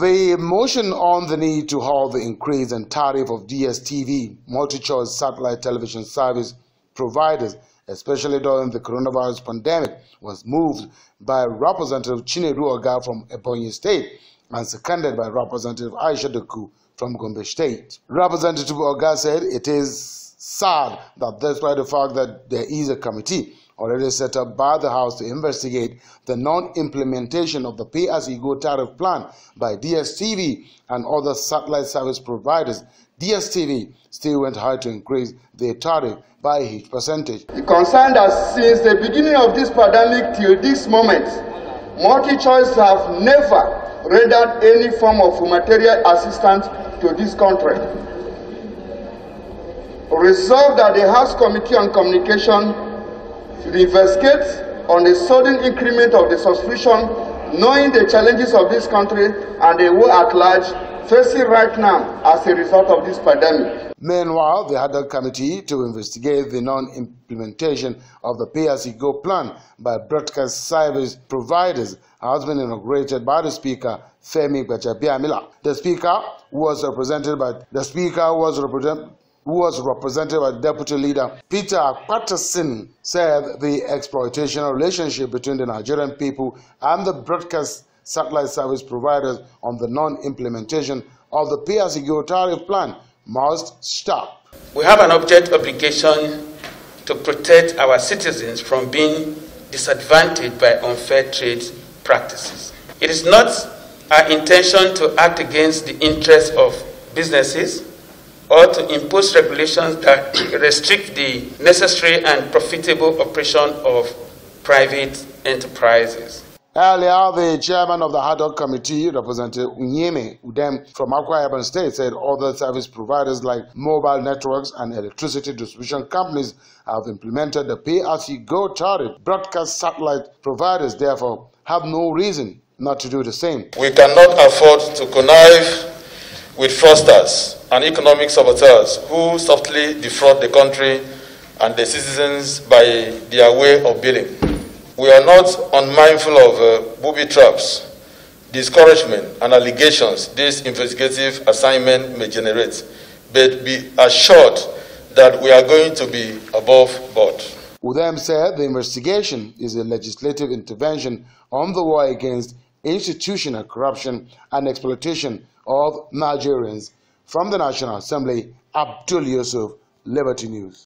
The motion on the need to halt the increase in tariff of DSTV, multi-choice satellite television service providers, especially during the coronavirus pandemic, was moved by Representative Chinedu Oga from Ebonyi State and seconded by Representative Aisha Doku from Gombe State. Representative Oga said it is sad that despite the fact that there is a committee already set up by the House to investigate the non-implementation of the pay-as-you-go tariff plan by DSTV and other satellite service providers. DSTV still went high to increase their tariff by a huge percentage. It concerned us since the beginning of this pandemic till this moment, multi-choice have never rendered any form of material assistance to this country. Resolved that the House Committee on Communication divescate on a sudden increment of the suspicion, knowing the challenges of this country and the world at large facing right now as a result of this pandemic. Meanwhile, the HADAL committee to investigate the non-implementation of the PSEGO plan by broadcast service providers has been inaugurated by the Speaker, Femi Bajabiamila. The Speaker was represented by the Speaker was represented who was represented by Deputy Leader Peter Patterson, said the exploitative relationship between the Nigerian people and the broadcast satellite service providers on the non-implementation of the PSEGO tariff plan must stop. We have an object obligation to protect our citizens from being disadvantaged by unfair trade practices. It is not our intention to act against the interests of businesses, or to impose regulations that restrict the necessary and profitable operation of private enterprises. Earlier, the chairman of the HADOC committee, Representative Unyeme Udem from Akwa Ibom State, said other service providers like mobile networks and electricity distribution companies have implemented the pay-as-you-go tariff. Broadcast satellite providers, therefore, have no reason not to do the same. We cannot afford to connive with fraudsters and economic saboteurs who softly defraud the country and the citizens by their way of billing. We are not unmindful of uh, booby traps, discouragement, and allegations this investigative assignment may generate, but be assured that we are going to be above board. Udam said the investigation is a legislative intervention on the war against institutional corruption and exploitation of Nigerians from the National Assembly, Abdul Yusuf, Liberty News.